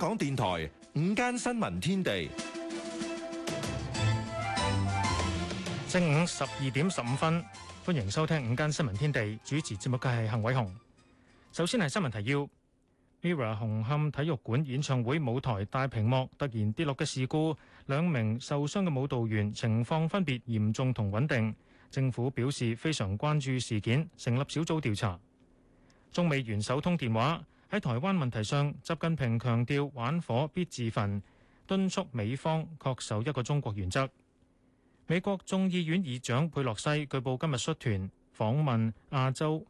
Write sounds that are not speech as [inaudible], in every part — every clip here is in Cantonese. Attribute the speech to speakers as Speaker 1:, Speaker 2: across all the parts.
Speaker 1: 香港電台午間新聞天地，正午十二點十五分，歡迎收聽午間新聞天地。主持節目嘅係幸偉雄。首先係新聞提要：MIRROR 紅磡體育館演唱會舞台大屏幕突然跌落嘅事故，兩名受傷嘅舞蹈員情況分別嚴重同穩定。政府表示非常關注事件，成立小組調查。中美元首通電話。喺台灣問題上，習近平強調玩火必自焚，敦促美方恪守一個中國原則。美國眾議院議長佩洛西據報今日率團訪問亞洲，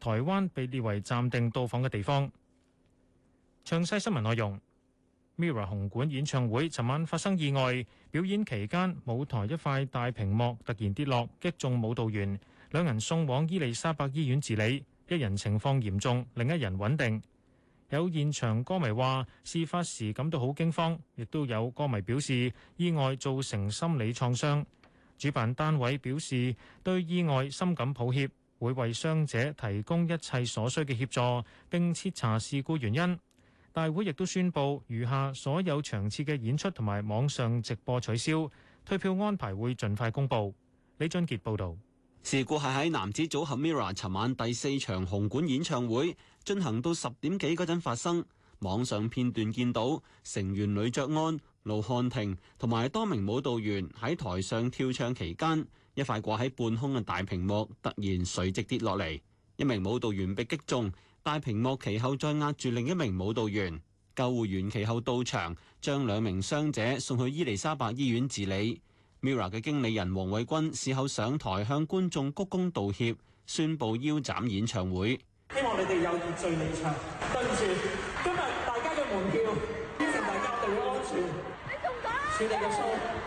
Speaker 1: 台灣被列為暫定到訪嘅地方。詳細新聞內容。MIRROR 紅館演唱會尋晚發生意外，表演期間舞台一塊大屏幕突然跌落，擊中舞蹈員，兩人送往伊利沙伯醫院治理，一人情況嚴重，另一人穩定。有現場歌迷話：事發時感到好驚慌，亦都有歌迷表示意外造成心理創傷。主辦單位表示對意外深感抱歉，會為傷者提供一切所需嘅協助，並徹查事故原因。大會亦都宣布餘下所有場次嘅演出同埋網上直播取消，退票安排會盡快公
Speaker 2: 佈。李俊傑報導。事故係喺男子組合 Mira 尋晚第四場紅館演唱會進行到十點幾嗰陣發生。網上片段見到成員呂爵安、盧瀚霆同埋多名舞蹈員喺台上跳唱期間，一塊掛喺半空嘅大屏幕突然垂直跌落嚟，一名舞蹈員被擊中，大屏幕其後再壓住另一名舞蹈員。救護員其後到場，將兩名傷者送去伊利沙伯醫院治理。Mirror 嘅經理人黃偉君事後上台向觀眾鞠躬道歉，宣布腰斬演唱會。
Speaker 3: 希望你哋有秩序離場，對唔住，今日大家嘅門票，希望大家注意安全。你中咗？處理嘅錯，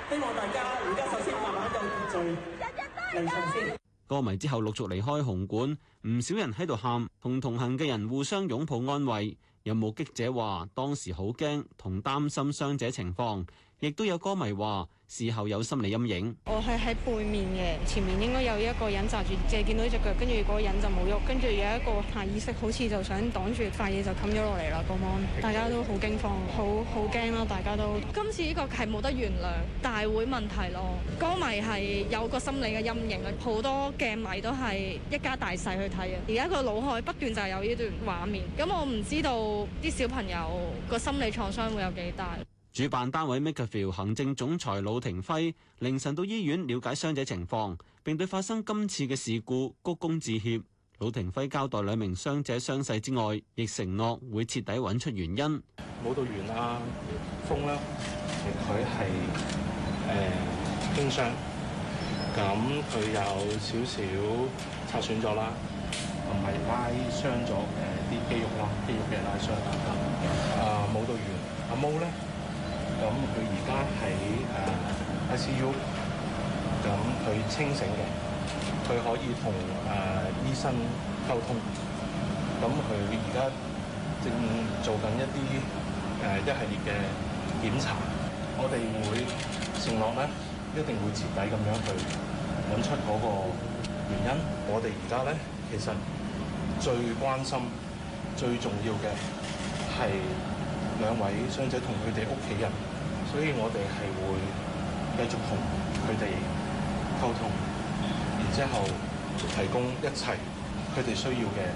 Speaker 3: 希望大家而家首先慢慢咁尊
Speaker 4: 重。黎
Speaker 2: 晨先歌迷之後陸續離開紅館，唔少人喺度喊，同同行嘅人互相擁抱安慰。有目擊者話，當時好驚同擔心傷者情況。亦都有歌迷話事後有心理陰影。
Speaker 5: 我係喺
Speaker 6: 背面嘅，前面應該有一個人扎住，即係見到呢隻腳，跟住嗰個人就冇喐，跟住有一個
Speaker 7: 下意識好似就想擋住塊嘢、這個、就冚咗落嚟啦。嗰晚大家都好驚慌，好好驚啦，大家都，大家都今次呢個係冇得原諒大會問題咯。歌迷係有個心理嘅陰影啊，好多鏡迷都係一家大細去睇啊。而家個腦海不斷就係有呢段畫面，咁我唔知道啲小朋友個心理創傷會有幾大。
Speaker 2: 主辦單位 MakerVille 行政總裁魯庭輝凌晨到醫院了解傷者情況，並對發生今次嘅事故鞠躬致歉。魯庭輝交代兩名傷者傷勢之外，亦承諾會徹底揾出原因。
Speaker 1: 舞蹈員阿峰啦，佢係誒輕傷，咁佢、呃、有少少擦損咗啦，同埋拉傷咗誒啲肌肉啦。肌肉嘅拉傷、呃。啊，舞蹈員阿毛咧。咁佢而家喺誒 ICU，咁佢清醒嘅，佢可以同誒、呃、醫生溝通。咁佢而家正做緊一啲誒、呃、一系列嘅檢查，我哋會承諾咧，一定會徹底咁樣去揾出個原因。我哋而家咧其實最關心、最重要嘅係兩位傷者同佢哋屋企人。所以我哋係會繼續同佢哋
Speaker 2: 溝通，然之後提供一切佢哋需要嘅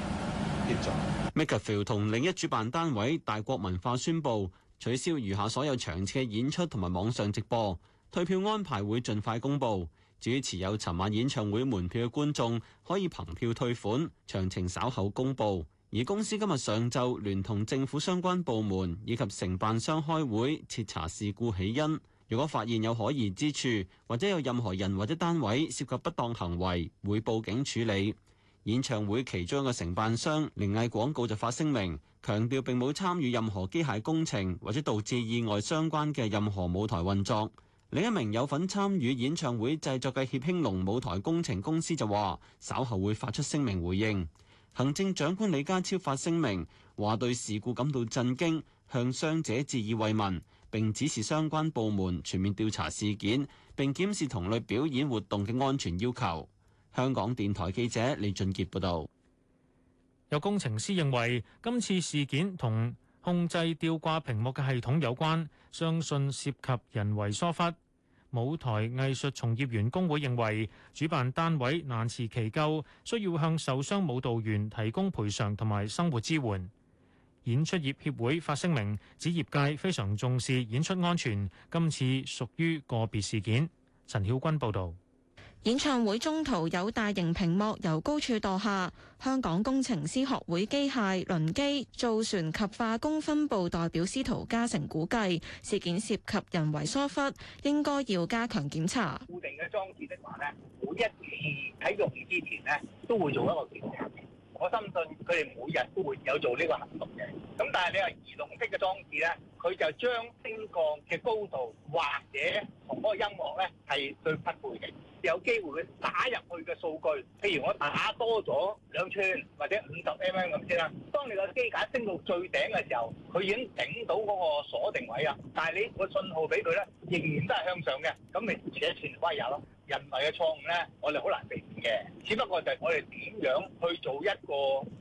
Speaker 2: 協助。MakerVille 同另一主辦單位大國文化宣布取消餘下所有場次嘅演出同埋網上直播，退票安排會盡快公佈。至於持有尋晚演唱會門票嘅觀眾，可以憑票退款，詳情稍後公佈。而公司今日上晝聯同政府相關部門以及承辦商開會徹查事故起因。如果發現有可疑之處，或者有任何人或者單位涉及不當行為，會報警處理。演唱會其中一個承辦商聯藝廣告就發聲明，強調並冇參與任何機械工程或者導致意外相關嘅任何舞台運作。另一名有份參與演唱會製作嘅協興隆舞台工程公司就話稍後會發出聲明回應。行政長官李家超發聲明，話對事故感到震驚，向傷者致以慰問，並指示相關部門全面調查事件，並檢視同類表演活動嘅安全要求。香港電台記者李俊傑報導。
Speaker 1: 有工程師認為，今次事件同控制吊掛屏幕嘅系統有關，相信涉及人為疏忽。舞台藝術從業員工會認為主辦單位難辭其咎，需要向受傷舞蹈員提供賠償同埋生活支援。演出業協會發聲明指業界非常重視演出安全，今次屬於個別事件。陳曉君報道。
Speaker 8: 演唱會中途有大型屏幕由高處墮下。香港工程師學會機械、輪機、造船及化工分部代表司徒嘉誠估計，事件涉及人為疏忽，應該要加強檢查。固
Speaker 3: 定嘅裝置的話呢，每一次喺用之前呢，都會做一個檢查。我深信佢哋每日都會有做呢個行動嘅，咁但係你話移動式嘅裝置咧，佢就將升降嘅高度或者同嗰個音樂咧係最匹配嘅，有機會會打入去嘅數據，譬如我打多咗兩寸或者五十 mm 咁先啦。當你個機架升到最頂嘅時候，佢已經頂到嗰個鎖定位啊，但係你個信號俾佢咧，仍然都係向上嘅，咁咪斜線歪入咯。人為嘅錯誤咧，我哋好難避免嘅，只不過就係我哋點樣去做一個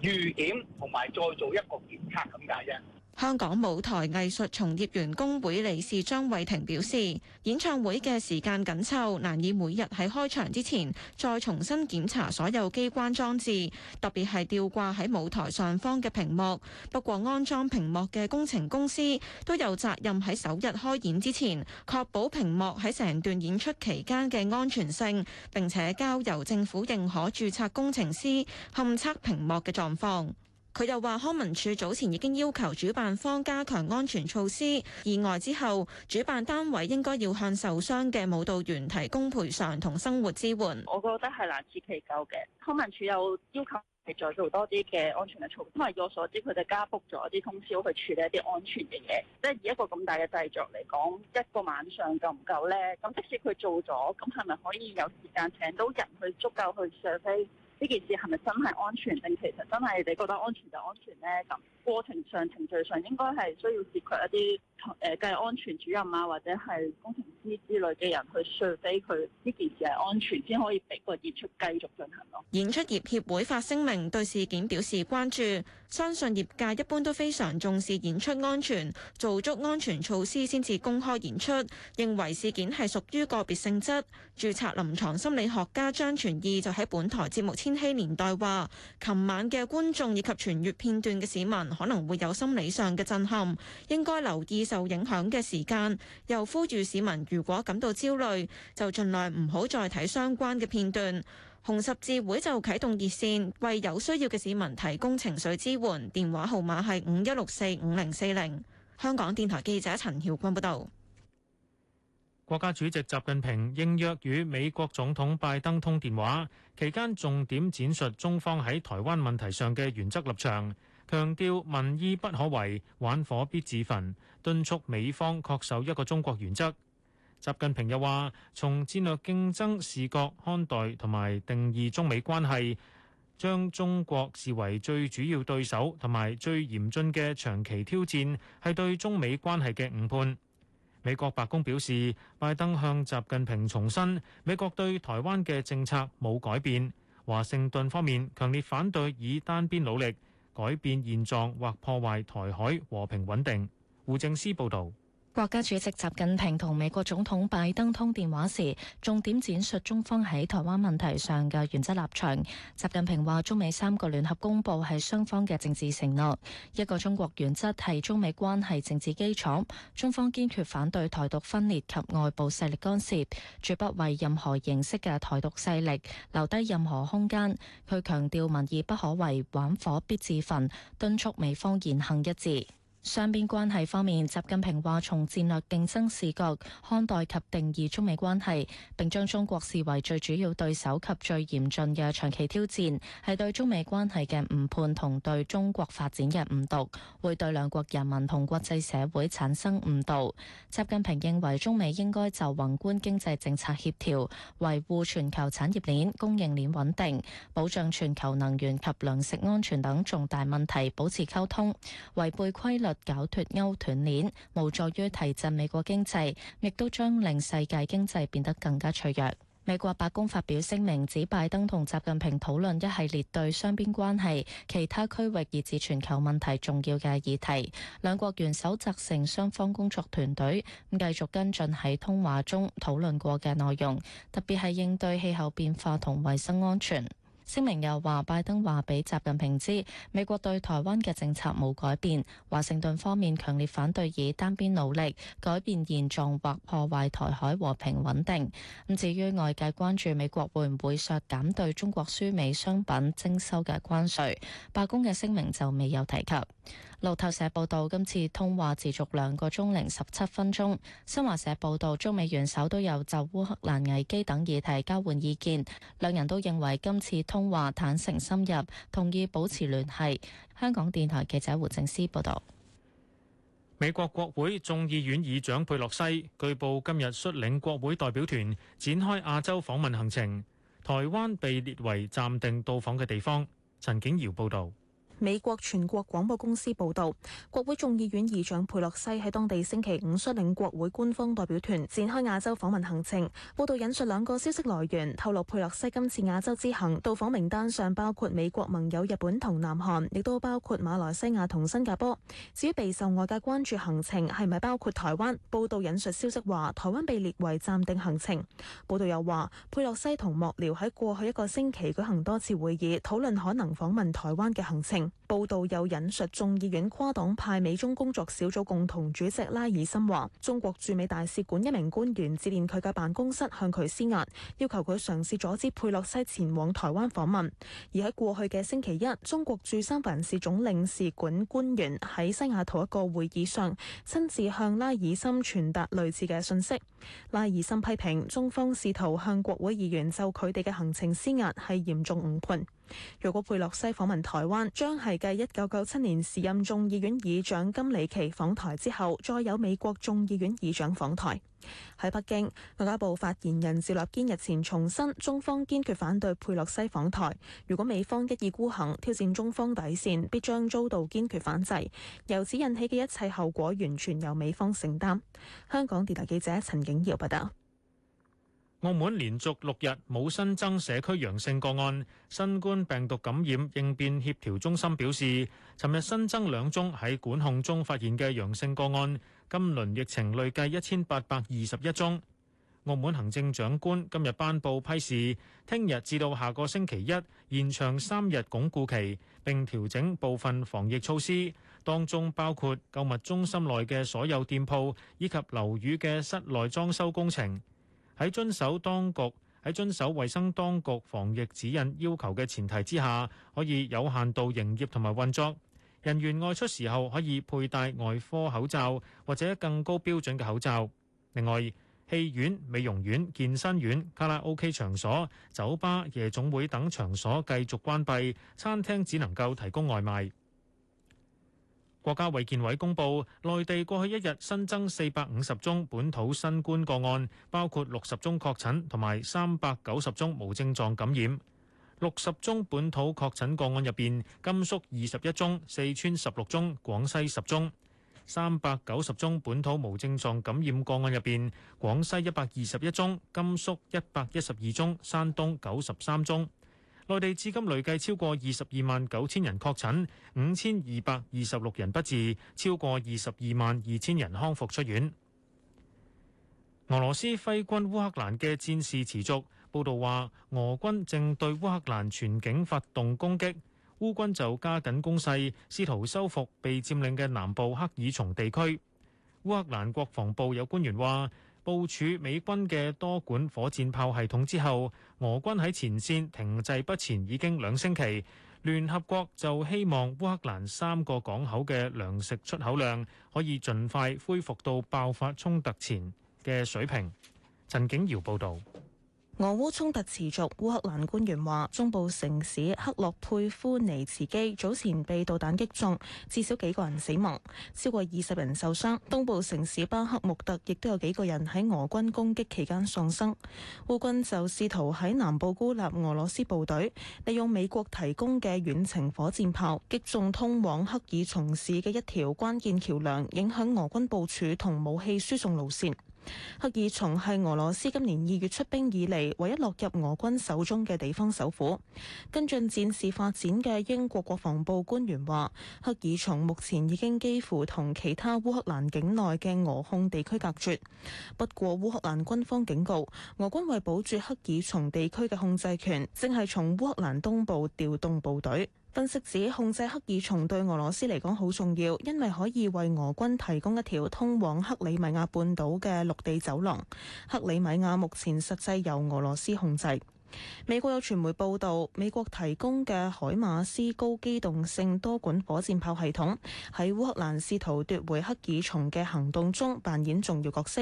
Speaker 3: 預
Speaker 9: 檢，同埋再做一個檢測咁解啫。
Speaker 8: 香港舞台藝術從業員工會理事張慧婷表示，演唱會嘅時間緊湊，難以每日喺開場之前再重新檢查所有機關裝置，特別係吊掛喺舞台上方嘅屏幕。不過，安裝屏幕嘅工程公司都有責任喺首日開演之前，確保屏幕喺成段演出期間嘅安全性，並且交由政府認可註冊工程師勘測屏幕嘅狀況。佢又話康文署早前已經要求主辦方加強安全措施，意外之後，主辦單位應該要向受傷嘅舞蹈員提供賠償同生活支援。我覺得係難辭其咎嘅。康文署又要求佢再做多啲嘅安全嘅措施，因為我所知佢哋加 book 咗啲通宵去處理一啲安全嘅嘢，即係以一個咁大嘅製作嚟講，一個晚上夠唔夠呢？咁即使佢做咗，咁係咪可以有時間請到人去足夠去上飛？呢件事係咪真係安全？定其實真係你覺得安全就安全呢？咁過程上，程序上應該係需要涉及一啲。誒，誒計安全主任啊，或者係工程師之類嘅人去，除非佢呢件事係安
Speaker 5: 全，先可以俾個演出繼續進行
Speaker 8: 咯。演出業協會發聲明對事件表示關注，相信業界一般都非常重視演出安全，做足安全措施先至公開演出。認為事件係屬於個別性質。註冊臨床心理學家張全義就喺本台節目《千禧年代》話，琴晚嘅觀眾以及傳閱片段嘅市民可能會有心理上嘅震撼，應該留意受影響嘅時間，又呼籲市民如果感到焦慮，就盡量唔好再睇相關嘅片段。紅十字會就啟動熱線，為有需要嘅市民提供情緒支援，電話號碼係五一六四五零四零。香港電台記者陳曉君報道。
Speaker 1: 國家主席習近平應約與美國總統拜登通電話，期間重點展述中方喺台灣問題上嘅原則立場，強調民意不可違，玩火必自焚。敦促美方恪守一個中國原則。習近平又話，從戰略競爭視角看待同埋定義中美關係，將中國視為最主要對手同埋最嚴峻嘅長期挑戰，係對中美關係嘅誤判。美國白宮表示，拜登向習近平重申，美國對台灣嘅政策冇改變。華盛頓方面強烈反對以單邊努力改變現狀或破壞台海和平穩定。胡正思報道，
Speaker 7: 國家主席習近平同美國總統拜登通電話時，重點闡述中方喺台灣問題上嘅原則立場。習近平話，中美三個聯合公報係雙方嘅政治承諾，一個中國原則係中美關係政治基礎。中方堅決反對台獨分裂及外部勢力干涉，絕不為任何形式嘅台獨勢力留低任何空間。佢強調民意不可違，玩火必自焚，敦促美方言行一致。雙邊關係方面，習近平話從戰略競爭視角看待及定義中美關係，並將中國視為最主要對手及最嚴峻嘅長期挑戰，係對中美關係嘅誤判同對中國發展嘅誤讀，會對兩國人民同國際社會產生誤導。習近平認為，中美應該就宏觀經濟政策協調、維護全球產業鏈供應鏈穩定、保障全球能源及糧食安全等重大問題保持溝通。違背規律。搞脫歐斷鏈，無助於提振美國經濟，亦都將令世界經濟變得更加脆弱。美國白宮發表聲明指，拜登同習近平討論一系列對雙邊關係、其他區域以至全球問題重要嘅議題。兩國元首責成雙方工作團隊繼續跟進喺通話中討論過嘅內容，特別係應對氣候變化同衛生安全。聲明又話，拜登話俾習近平知，美國對台灣嘅政策冇改變。華盛頓方面強烈反對以單邊努力改變現狀或破壞台海和平穩定。咁至於外界關注美國會唔會削減對中國輸美商品徵收嘅關稅，白宮嘅聲明就未有提及。路透社報道，今次通話持續兩個鐘零十七分鐘。新華社報道，中美元首都有就烏克蘭危機等議題交換意見，兩人都認為今次通話坦誠深入，同意保持聯繫。香港電台記者胡正思報道。
Speaker 1: 美國國會眾議院議長佩洛西據報今日率領國會代表團展開亞洲訪問行程，台灣被列為暫定到訪嘅地方。陳景堯報道。
Speaker 6: 美國全國廣播公司報導，國會眾議院議長佩洛西喺當地星期五率領國會官方代表團展開亞洲訪問行程。報導引述兩個消息來源透露，佩洛西今次亞洲之行到訪名單上包括美國盟友日本同南韓，亦都包括馬來西亞同新加坡。至於備受外界關注行程係咪包括台灣？報導引述消息話，台灣被列為暫定行程。報導又話，佩洛西同幕僚喺過去一個星期舉行多次會議，討論可能訪問台灣嘅行程。報道又引述眾議院跨黨派美中工作小組共同主席拉爾森話：中國駐美大使館一名官員致電佢嘅辦公室，向佢施壓，要求佢嘗試阻止佩洛西前往台灣訪問。而喺過去嘅星期一，中國駐三藩市總領事館官員喺西雅圖一個會議上，親自向拉爾森傳達類似嘅信息。拉爾森批評中方試圖向國會議員就佢哋嘅行程施壓係嚴重誤判。若果佩洛西訪問台灣，將係繼一九九七年時任眾議院議長金里奇訪台之後，再有美國眾議院議長訪台。喺北京，外交部發言人趙立堅日前重申，中方堅決反對佩洛西訪台。如果美方一意孤行，挑戰中方底線，必將遭到堅決反制。由此引起嘅一切後果，完全由美方承擔。香港電台記者陳景堯報道。
Speaker 1: 澳門連續六日冇新增社區陽性個案，新冠病毒感染應變協調中心表示，尋日新增兩宗喺管控中發現嘅陽性個案，今輪疫情累計一千八百二十一宗。澳門行政長官今日頒布批示，聽日至到下個星期一，延長三日鞏固期，並調整部分防疫措施，當中包括購物中心內嘅所有店鋪以及樓宇嘅室內裝修工程，喺遵守當局、喺遵守衞生當局防疫指引要求嘅前提之下，可以有限度營業同埋運作。人員外出時候可以佩戴外科口罩或者更高標準嘅口罩。另外，戲院、美容院、健身院、卡拉 OK 場所、酒吧、夜總會等場所繼續關閉，餐廳只能夠提供外賣。國家衛健委公佈，內地過去一日新增四百五十宗本土新冠個案，包括六十宗確診同埋三百九十宗無症狀感染。六十宗本土確診個案入面，甘肅二十一宗，四川十六宗，廣西十宗。三百九十宗本土無症狀感染個案入面，廣西一百二十一宗，甘肅一百一十二宗，山東九十三宗。內地至今累計超過二十二萬九千人確診，五千二百二十六人不治，超過二十二萬二千人康復出院。俄羅斯揮軍烏克蘭嘅戰事持續，報道話俄軍正對烏克蘭全境發動攻擊，烏軍就加緊攻勢，試圖收復被佔領嘅南部克爾松地區。烏克蘭國防部有官員話：部署美軍嘅多管火箭炮系統之後，俄軍喺前線停滯不前已經兩星期。聯合國就希望烏克蘭三個港口嘅糧食出口量可以盡快恢復到爆發衝突前嘅水平。陳景瑤報道。
Speaker 6: 俄烏衝突持續，烏克蘭官員話，中部城市克洛佩夫尼茨基早前被導彈擊中，至少幾個人死亡，超過二十人受傷。東部城市巴克穆特亦都有幾個人喺俄軍攻擊期間喪生。烏軍就試圖喺南部孤立俄羅斯部隊，利用美國提供嘅遠程火箭炮擊中通往赫爾松市嘅一條關鍵橋梁，影響俄軍部署同武器輸送路線。赫爾松係俄羅斯今年二月出兵以嚟唯一落入俄軍手中嘅地方首府。跟進戰事發展嘅英國國防部官員話，赫爾松目前已經幾乎同其他烏克蘭境內嘅俄控地區隔絕。不過烏克蘭軍方警告，俄軍為保住赫爾松地區嘅控制權，正係從烏克蘭東部調動部隊。分析指，控制黑爾松對俄羅斯嚟講好重要，因為可以為俄軍提供一條通往克里米亞半島嘅陸地走廊。克里米亞目前實際由俄羅斯控制。美國有傳媒報道，美國提供嘅海馬斯高機動性多管火箭炮系統喺烏克蘭試圖奪回黑爾松嘅行動中扮演重要角色。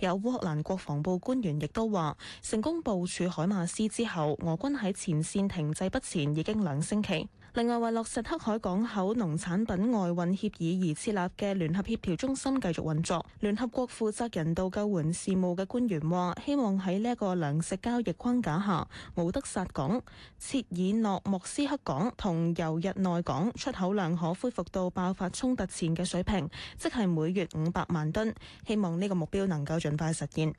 Speaker 6: 有烏克蘭國防部官員亦都話，成功部署海馬斯之後，俄軍喺前線停滯不前已經兩星期。另外，為落實黑海港口農產品外運協議而設立嘅聯合協調中心繼續運作。聯合國負責人道救援事務嘅官員話，希望喺呢一個糧食交易框架下，敖德薩港、切爾諾莫斯克港同尤日內港出口量可恢復到爆發衝突前嘅水平，即係每月五百萬噸。希望呢個目標能夠盡快實現。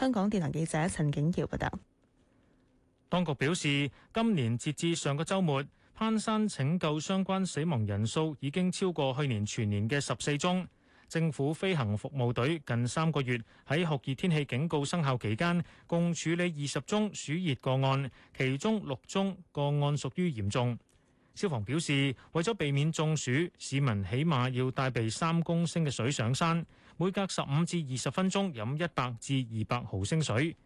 Speaker 6: 香港電台記者陳景耀報道。
Speaker 1: 當局表示，今年截至上個週末，攀山拯救相關死亡人數已經超過去年全年嘅十四宗。政府飛行服務隊近三個月喺酷熱天氣警告生效期間，共處理二十宗暑熱個案，其中六宗個案屬於嚴重。消防表示，為咗避免中暑，市民起碼要帶備三公升嘅水上山，每隔十五至二十分鐘飲一百至二百毫升水。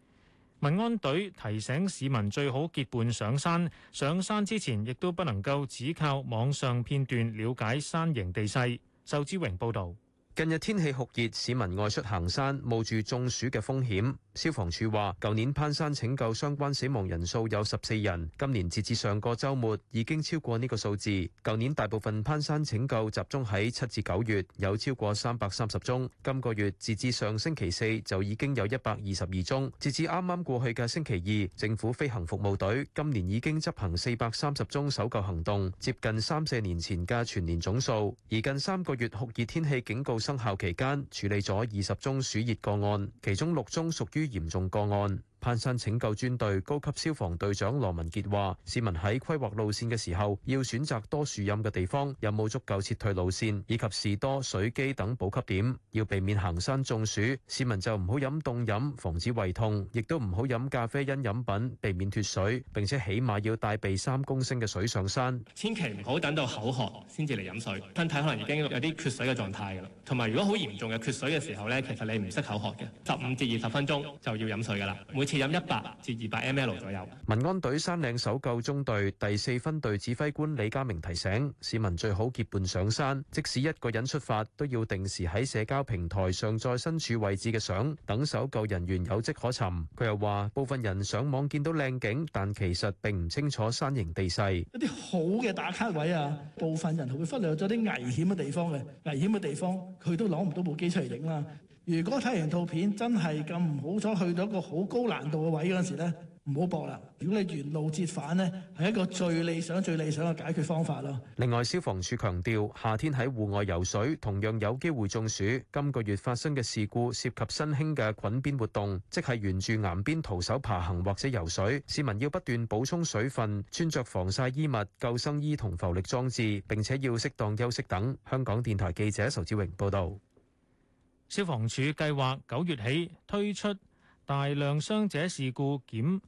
Speaker 1: 民安隊提醒市民最好結伴上山，上山之前亦都不能夠只靠網上片
Speaker 4: 段了解山形地勢。周志榮報導。近日天氣酷熱，市民外出行山冒住中暑嘅風險。消防處話，舊年攀山拯救相關死亡人數有十四人，今年截至上個週末已經超過呢個數字。舊年大部分攀山拯救集中喺七至九月，有超過三百三十宗。今個月截至上星期四就已經有一百二十二宗。截至啱啱過去嘅星期二，政府飛行服務隊今年已經執行四百三十宗搜救行動，接近三四年前嘅全年總數。而近三個月酷熱天氣警告生效期間處理咗二十宗暑熱個案，其中六宗屬於嚴重個案。攀山拯救專隊高級消防隊長羅文傑話：市民喺規劃路線嘅時候，要選擇多樹蔭嘅地方，有冇足夠撤退路線，以及士多、水機等補給點，要避免行山中暑。市民就唔好飲凍飲，防止胃痛，亦都唔好飲咖啡因飲品，避免脫水。並且起碼要帶備三公升嘅水上山。千祈唔好等到口渴
Speaker 1: 先至嚟飲水，身體可能已經有啲缺水嘅狀態㗎啦。同埋如果好嚴重嘅缺水嘅時候咧，其實你唔識口渴嘅，十五至二十分鐘就要飲水㗎啦。每次。攝飲一百至二百 mL 左右。
Speaker 4: 民安隊山嶺搜救中隊第四分隊指揮官李家明提醒市民最好結伴上山，即使一個人出發都要定時喺社交平台上載身處位置嘅相，等搜救人員有跡可尋。佢又話：部分人上網見到靚景，但其實並唔清楚山形地勢。一
Speaker 3: 啲好嘅打卡位啊，部分人會忽略咗啲危險嘅地方嘅危險嘅地方，佢都攞唔到部機出嚟影啦。如果睇完套片真係咁唔好彩去到一個好高難度嘅位嗰陣時呢，唔好搏啦。如果你沿路折返呢，係一個最理想、最理想嘅解決方法啦。
Speaker 4: 另外，消防處強調，夏天喺戶外游水同樣有機會中暑。今個月發生嘅事故涉及新興嘅滾邊活動，即係沿住岩邊徒手爬行或者游水。市民要不斷補充水分，穿着防曬衣物、救生衣同浮力裝置，並且要適當休息等。香港電台記者仇志榮報導。消防署計
Speaker 1: 劃九月起推出大量傷者事故檢，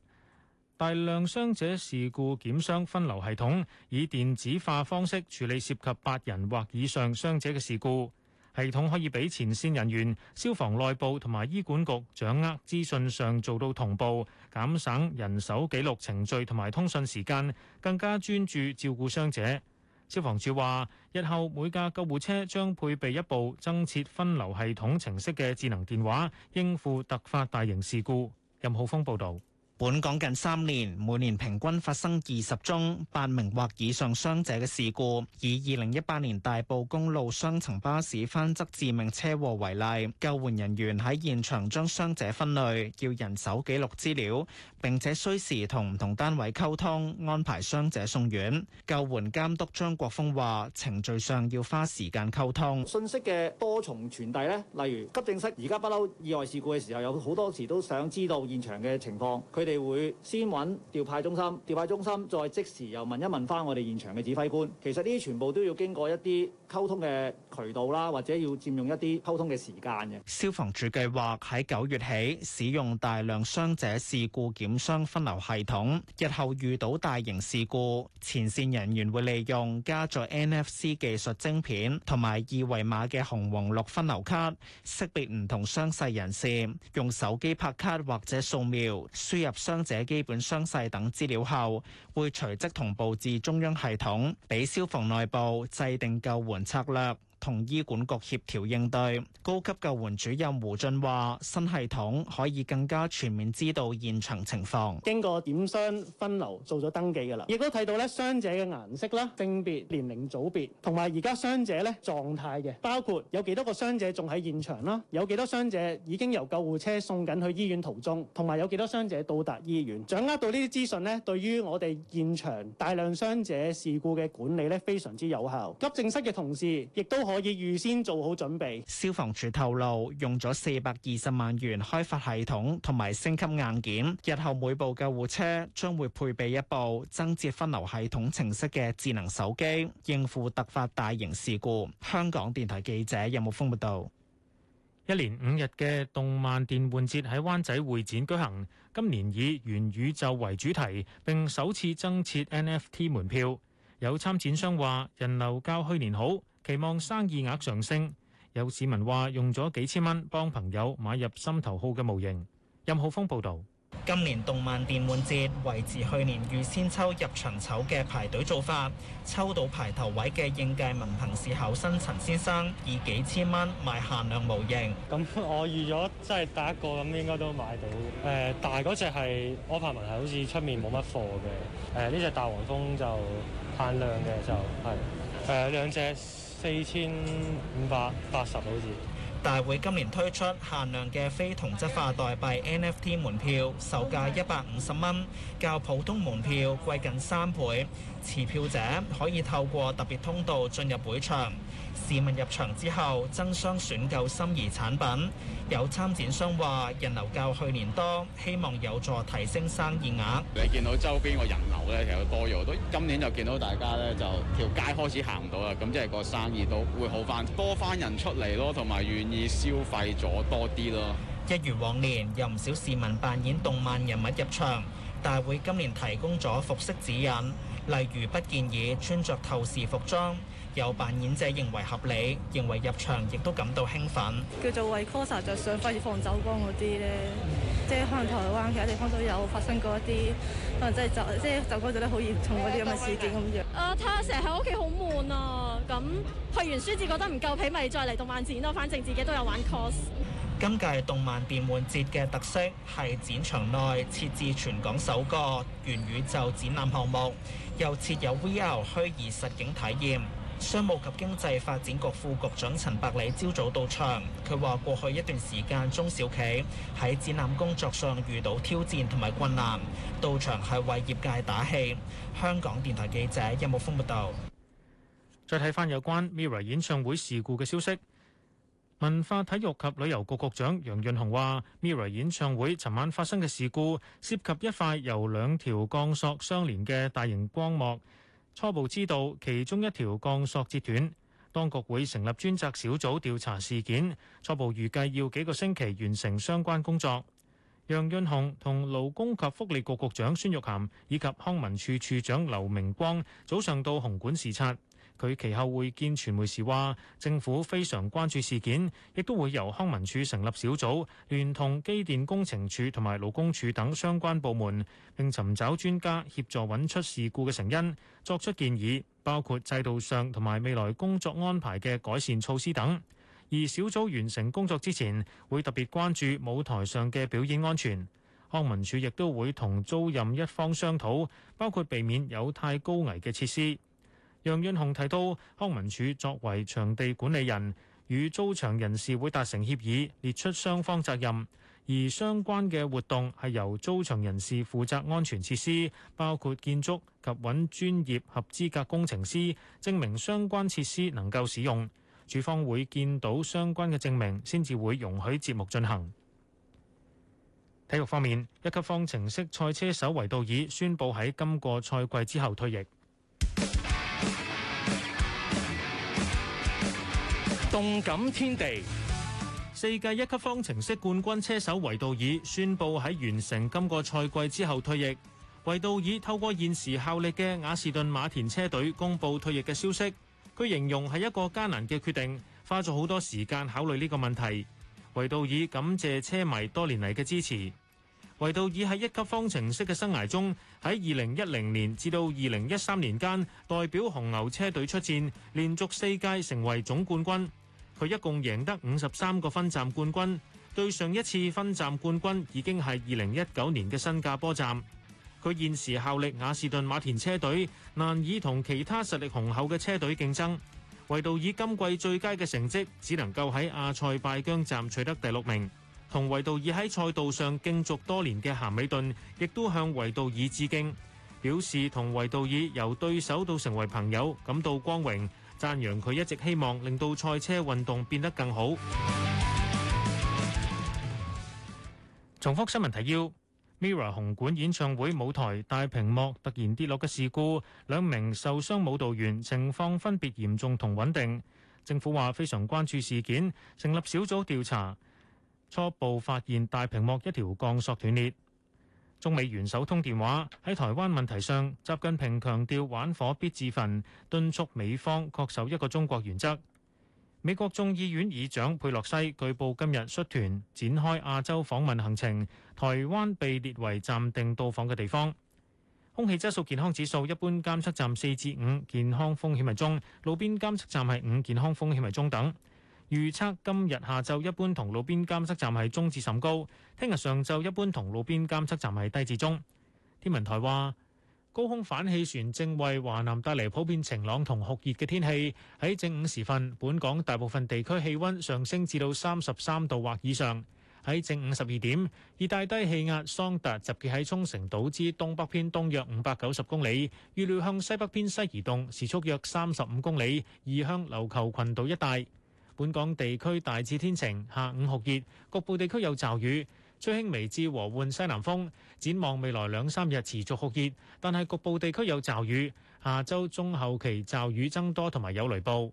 Speaker 1: 大量傷者事故檢傷分流系統，以電子化方式處理涉及八人或以上傷者嘅事故。系統可以俾前線人員、消防內部同埋醫管局掌握資訊上做到同步，減省人手記錄程序同埋通訊時間，更加專注照顧傷者。消防署話，日後每架救護車將配備一部增設分流系統程式嘅智能
Speaker 3: 電話，應付突發大型事故。任浩峰報導。本港近三年每年平均發生二十宗八名或以上傷者嘅事故，以二零一八年大埔公路雙層巴士翻側致，致命車禍為例，救援人員喺現場將傷者分類，要人手記錄資料，並且需時同唔同單位溝通安排傷者送院。救援監督張國峰話：程序上要花時間溝通，信息嘅多重傳遞呢，例如急症室，而家不嬲意外事故嘅時候有好多時都想知道現場嘅情況，佢我哋會先揾調派中心，調派中心再即時又問一問翻我哋現場嘅指揮官。其實呢啲全部都要經過一啲溝通嘅渠道啦，或者要佔用一啲溝通嘅時間嘅。消防署計劃喺九月起使用大量傷者事故檢傷分流系統，日後遇到大型事故，前線人員會利用加載 NFC 技術晶片同埋二維碼嘅紅黃綠分流卡，識別唔同傷勢人士，用手機拍卡或者掃描輸入。傷者基本傷勢等資料後，會隨即同步至中央系統，俾消防內部制定救援策略。同醫管局協調應對，高級救援主任胡俊話：新系統可以更加全面知道現場情況。經過點傷分流，做咗登記㗎喇，亦都睇到咧傷者嘅顏色啦、性別、年齡組別，同埋而家傷者咧狀態嘅，包括有幾多個傷者仲喺現場啦，有幾多傷者已經由救護車送緊去醫院途中，同埋有幾多傷者到達醫院。掌握到呢啲資
Speaker 1: 訊咧，對於我哋現場大量傷者事故嘅管理咧，非常之有效。急症室嘅同事亦都。可以預先做好準備。
Speaker 3: 消防處透露，用咗四百二十萬元開發系統，同埋升級硬件。日後每部救護車將會配備一部增設分流系統程式嘅智能手機，應付突發大型事故。香港電台記者任木峰報道。一連五日
Speaker 1: 嘅動漫電玩節喺灣仔會展舉行，今年以元宇宙為主題，並首次增設 NFT 門票。有參展商話：人流較去年好。期望生意額上升，有市民話用咗幾千蚊幫朋友買入心頭好嘅模型。任浩峰報導，
Speaker 3: 今年動漫電玩節維持去年預先抽入場籌嘅排隊做法，抽到排頭位嘅應屆文憑試考生陳先生，以幾千蚊買限量模型。咁我預
Speaker 1: 咗即係第一個，咁應該都買到。誒、呃，但係嗰隻係《柯柏文》係好似出面冇乜貨嘅，誒呢隻大黃蜂就限量嘅就係，誒兩
Speaker 3: 隻。呃四千五百八十好似。大會今年推出限量嘅非同質化代幣 NFT 門票，售價一百五十蚊，較普通門票貴近三倍。持票者可以透過特別通道進入會場。市民入場之後，爭相選購心儀產品。有參展商話：人流較去年多，希望有助提升生意
Speaker 9: 額。你見到周邊個人流咧，其實多咗，都今年就見到大家咧，就條街開始行到啦。咁即係個生意都會好翻，多翻人出嚟咯，同埋願意消費咗多啲咯。
Speaker 3: 一如往年，有唔少市民扮演動漫人物入場。大會今年提供咗服飾指引，例如不建議穿着透視服裝。有扮演者認為合理，認為入場亦都感到興奮。
Speaker 7: 叫做為 coser 著想，反放走光嗰啲咧，即係可能台灣其他地方都有發生過一啲可能真係走即係走光做得好嚴重嗰啲咁嘅事件咁樣。 [music] 啊，睇下成日喺屋企好悶啊！咁去完書字覺得唔夠皮，咪再嚟動漫展咯。反正自己都有玩 cos。
Speaker 3: 今屆動漫電玩節嘅特色係展場內設置全港首個元宇宙展覽項，項目，又設有 VR 虛擬實景體驗。商務及經濟發展局副局長陳百里朝早到場，佢話過去一段時間中小企喺展覽工作上遇到挑戰同埋困難，到場係為業界打氣。香港電台記者任木峯報道。再睇返
Speaker 1: 有關 MIRROR 演唱會事故嘅消息，
Speaker 3: 文化體育及旅遊局局，局長
Speaker 1: 楊潤雄話，MIRROR 演唱會尋晚發生嘅事故涉及一塊由兩條鋼索相連嘅大型光幕。初步知道其中一條鋼索截斷，當局會成立專責小組調查事件，初步預計要幾個星期完成相關工作。楊潤雄同勞工及福利局局長孫玉菡，以及康文署署長劉明光早上到紅館視察。佢其後會見傳媒時話，政府非常關注事件，亦都會由康文署成立小組，聯同機電工程署同埋勞工署等相關部門，並尋找專家協助揾出事故嘅成因，作出建議，包括制度上同埋未來工作安排嘅改善措施等。而小組完成工作之前，會特別關注舞台上嘅表演安全。康文署亦都會同租任一方商討，包括避免有太高危嘅設施。楊潤雄提到，康文署作為場地管理人，與租場人士會達成協議，列出雙方責任。而相關嘅活動係由租場人士負責安全設施，包括建築及揾專業合資格工程師證明相關設施能夠使用。署方會見到相關嘅證明，先至會容許節目進行。體育方面，一級方程式賽車手維道爾宣佈喺今個賽季之後退役。動感天地，四屆一級方程式冠軍車手維杜爾宣布喺完成今個賽季之後退役。維杜爾透過現時效力嘅雅士頓馬田車隊公布退役嘅消息。佢形容係一個艱難嘅決定，花咗好多時間考慮呢個問題。維杜爾感謝車迷多年嚟嘅支持。維杜爾喺一級方程式嘅生涯中，喺二零一零年至到二零一三年間，代表紅牛車隊出戰，連續四屆成為總冠軍。佢一共贏得五十三個分站冠軍，對上一次分站冠軍已經係二零一九年嘅新加坡站。佢現時效力亞士頓馬田車隊，難以同其他實力雄厚嘅車隊競爭。維杜爾今季最佳嘅成績只能夠喺亞塞拜疆站取得第六名。同維杜爾喺賽道上競逐多年嘅咸美頓，亦都向維杜爾致敬，表示同維杜爾由對手到成為朋友感到光榮。讚揚佢一直希望令到賽車運動變得更好。 [music] 重複新聞提要：Mirror 紅館演唱會舞台大屏幕突然跌落嘅事故，兩名受傷舞蹈員情況分別嚴重同穩定。政府話非常關注事件，成立小組調查，初步發現大屏幕一條鋼索斷裂。中美元首通電話，喺台灣問題上，習近平強調玩火必自焚，敦促美方恪守一個中國原則。美國眾議院議長佩洛西據報今日率團展開亞洲訪問行程，台灣被列為暫定到訪嘅地方。空氣質素健康指數一般監測站四至五，健康風險為中；路邊監測站係五，健康風險為中等。預測今日下晝一般同路邊監測站係中至甚高，聽日上晝一般同路邊監測站係低至中。天文台話，高空反氣旋正為華南帶嚟普遍晴朗同酷熱嘅天氣。喺正午時分，本港大部分地區氣温上升至到三十三度或以上。喺正午十二點，熱帶低氣壓桑達集結喺沖繩島之東北偏東約五百九十公里，預料向西北偏西移動，時速約三十五公里，移向琉球群島一帶。本港地區大致天晴，下午酷熱，局部地區有驟雨，吹輕微至和緩西南風。展望未來兩三日持續酷熱，但係局部地區有驟雨。下周中後期驟雨增多同埋有雷暴，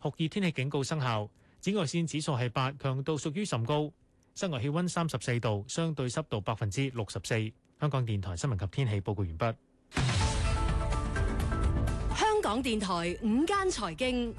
Speaker 1: 酷熱天氣警告生效。紫外線指數係八，強度屬於甚高。室外氣温三十四度，相對濕度百分之六十四。香港電台新聞及天氣報告完畢。
Speaker 10: 香港電台午間財經。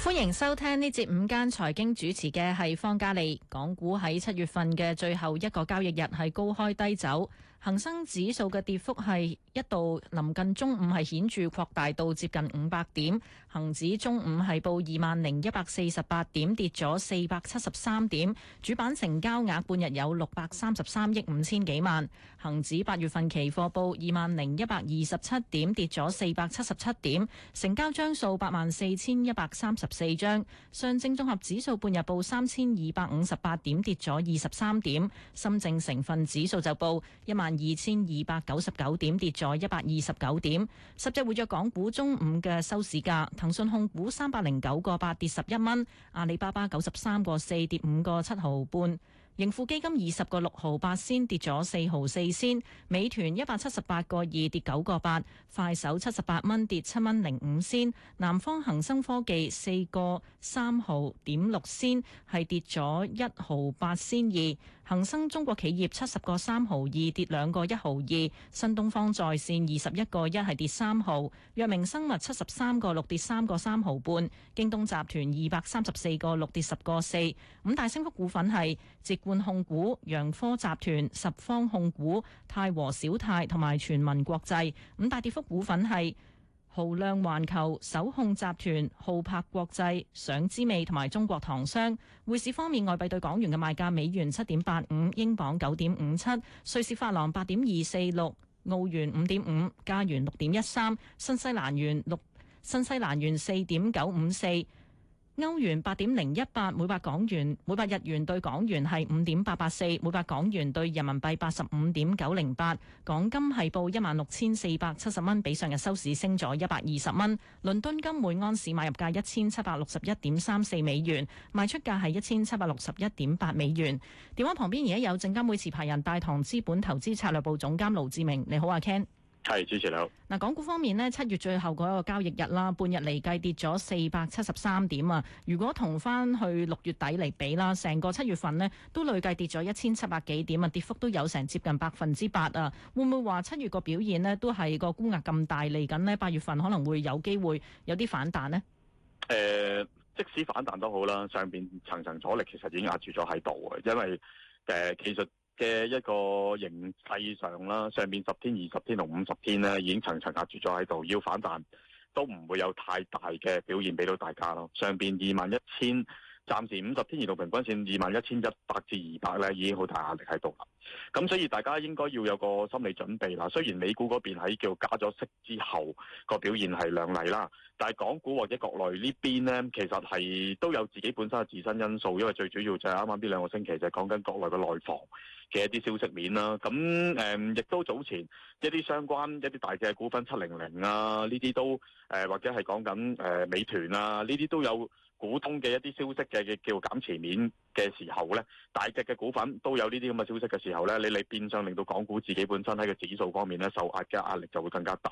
Speaker 5: 歡迎收聽呢節午間財經主持嘅係方嘉利。港股喺七月份嘅最後一個交易日係高開低走，恒生指數嘅跌幅係一度臨近中午係顯著擴大到接近五百點，恒指中午係報二萬零一百四十八點，跌咗四百七十三點，主板成交額半日有六百三十三億五千幾萬，恒指八月份期貨報二萬零一百二十七點，跌咗四百七十七點，成交張數八萬四千一百三十。四張，上證綜合指數半日報三千二百五十八點，跌咗二十三點。深證成分指數就報一萬二千二百九十九點，跌咗一百二十九點。十隻活躍港股中午嘅收市價，騰訊控股三百零九個八跌十一蚊，阿里巴巴九十三個四跌五個七毫半。盈富基金二十個六毫八仙跌咗四毫四仙，美團一百七十八個二跌九個八，快手七十八蚊跌七蚊零五仙，南方恒生科技四個三毫點六仙係跌咗一毫八仙二。恒生中國企業七十個三毫二跌兩個一毫二，新東方在線二十一個一係跌三毫，藥明生物七十三個六跌三個三毫半，京東集團二百三十四個六跌十個四。五大升幅股份係捷冠控股、揚科集團、十方控股、泰和小泰同埋全民國際。五大跌幅股份係，豪量環球、首控集團、豪柏國際、上知味同埋中國糖商。匯市方面，外幣對港元嘅賣價：美元七點八五，英鎊九點五七，瑞士法郎八點二四六，澳元五點五，加元六點一三，新西蘭元六，新西蘭元四點九五四。歐元八點零一八，每百港元。每百日元對港元係五點八八四，每百港元對人民幣八十五點九零八。港金係報一萬六千四百七十蚊，比上日收市升咗一百二十蚊。倫敦金每盎司買入價一千七百六十一點三四美元，賣出價係一千七百六十一點八美元。電話旁邊而家有證監會持牌人大唐資本投資策略部總監盧志明，你好啊，Ken。係，主持人好。嗱，港股方面咧，七月最後嗰一個交易日啦，半日嚟計跌咗四百七十三點啊！如果同翻去六月底嚟比啦，成個七月份咧都累計跌咗一千七百幾點啊，跌幅都有成接近百分之八啊！會唔會話七月個表現咧都係個沽額咁大嚟緊呢，八月份可能會有機會有啲反彈呢？
Speaker 9: 誒、呃，即使反彈都好啦，上邊層層阻力其實已經壓住咗喺度啊，因為誒，其、呃、實。嘅一個形勢上啦，上邊十天、二十天同五十天咧已經層層壓住咗喺度，要反彈都唔會有太大嘅表現俾到大家咯。上邊二萬一千。暫時五十天移動平均線二萬一千一百至二百咧，已經好大壓力喺度啦。咁所以大家應該要有個心理準備啦。雖然美股嗰邊喺叫加咗息之後，那個表現係兩嚟啦，但係港股或者國內呢邊呢，其實係都有自己本身嘅自身因素，因為最主要就係啱啱呢兩個星期就講緊國內嘅內房嘅一啲消息面啦。咁誒，亦、嗯、都早前一啲相關一啲大隻股份七零零啊，呢啲都誒、呃、或者係講緊誒、呃、美團啊，呢啲都有。股通嘅一啲消息嘅嘅叫減持面嘅時候咧，大隻嘅股份都有呢啲咁嘅消息嘅時候咧，你嚟變相令到港股自己本身喺個指數方面咧受壓嘅壓力就會更加大。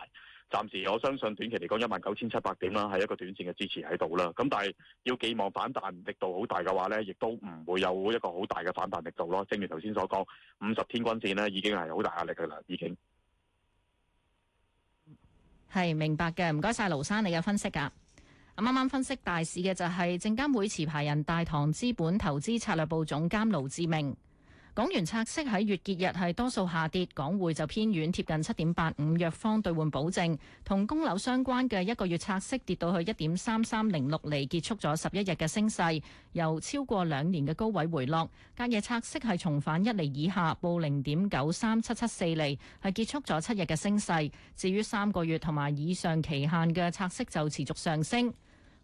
Speaker 9: 暫時我相信短期嚟講，一萬九千七百點啦，係一個短線嘅支持喺度啦。咁但係要寄望反彈力度好大嘅話咧，亦都唔會有一個好大嘅反彈力度咯。正如頭先所講，五十天均線咧已經係好大壓力噶啦，已經
Speaker 5: 係明白嘅。唔該晒盧生，你有分析噶。啱啱分析大市嘅就係證監會持牌人大堂資本投資策略部總監盧志明講完。拆息喺月結日係多數下跌，港匯就偏軟，貼近七點八五。約方兌換保證同供樓相關嘅一個月拆息跌到去一點三三零六厘，結束咗十一日嘅升勢，由超過兩年嘅高位回落。隔夜拆息係重返一厘以下，報零點九三七七四厘，係結束咗七日嘅升勢，至於三個月同埋以上期限嘅拆息就持續上升。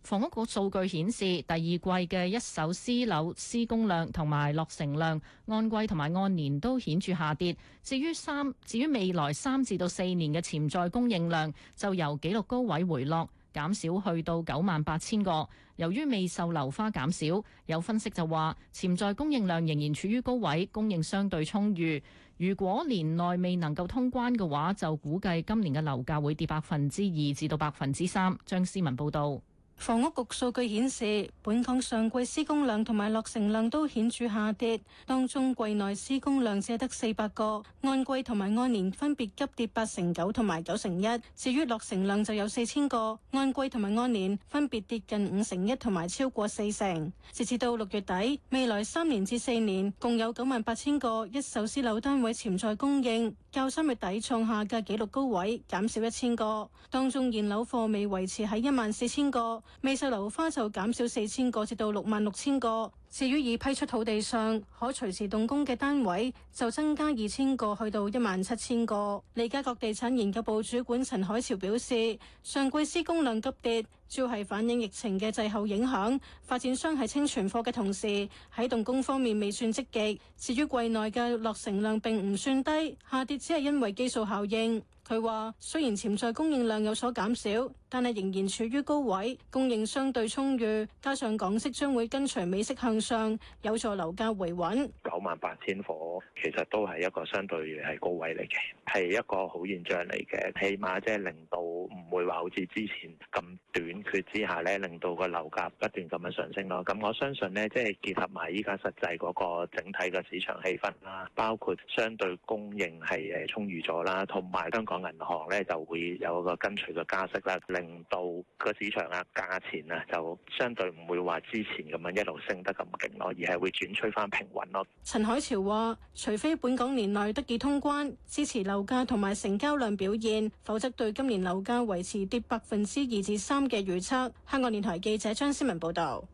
Speaker 5: 房屋局數據顯示，第二季嘅一手私樓施工量同埋落成量按季同埋按年都顯著下跌。至於三至於未來三至到四年嘅潛在供應量，就由紀錄高位回落，減少去到九萬八千個。由於未售樓花減少，有分析就話潛在供應量仍然處於高位，供應相對充裕。如果年內未能夠通關嘅話，就估計今年嘅樓價會跌百分之二至到百分之三。張思文報導。房屋局數據顯示，
Speaker 10: 本港上季施工量同埋落成量都顯著下跌，當中季內施工量只得四百個，按季同埋按年分別急跌八成九同埋九成一。至於落成量就有四千個，按季同埋按年分別跌近五成一同埋超過四成。截至到六月底，未來三年至四年共有九萬八千個一手私樓單位潛在供應，較三月底創下嘅紀錄高位，減少一千個。當中現樓貨未維持喺一萬四千個。未售樓花就減少四千個，至到六萬六千個；至於已批出土地上可隨時動工嘅單位，就增加二千個，去到一萬七千個。利嘉閣地產研究部主管陳海潮表示，上季施工量急跌，主要係反映疫情嘅滯後影響。發展商係清存貨嘅同時，喺動工方面未算積極。至於季內嘅落成量，並唔算低，下跌只係因為基數效應。佢話雖然潛在供應量有所減少，但係仍然處於高位，供應相對充裕，加上港息將會跟隨美息向上，有助樓價維穩。
Speaker 9: 九萬八千夥其實都係一個相對係高位嚟嘅，係一個好現象嚟嘅，起碼即係令到唔會話好似之前咁短缺之下咧，令到個樓價不斷咁樣上
Speaker 1: 升咯。咁我相信呢，即係結合埋依家實際嗰個整體嘅市場氣氛啦，包括相對供應係誒充裕咗啦，同埋香港銀行咧就會有一個
Speaker 9: 跟隨嘅加息啦。到個市場啊，價錢啊，就相對唔會話之前咁樣一路升得咁勁咯，而係會轉趨翻平穩咯。
Speaker 10: 陳海潮話，除非本港年內得以通關，支持樓價同埋成交量表現，否則對今年樓價維持跌百分之二至三嘅預測。香港電台記者張思文報道。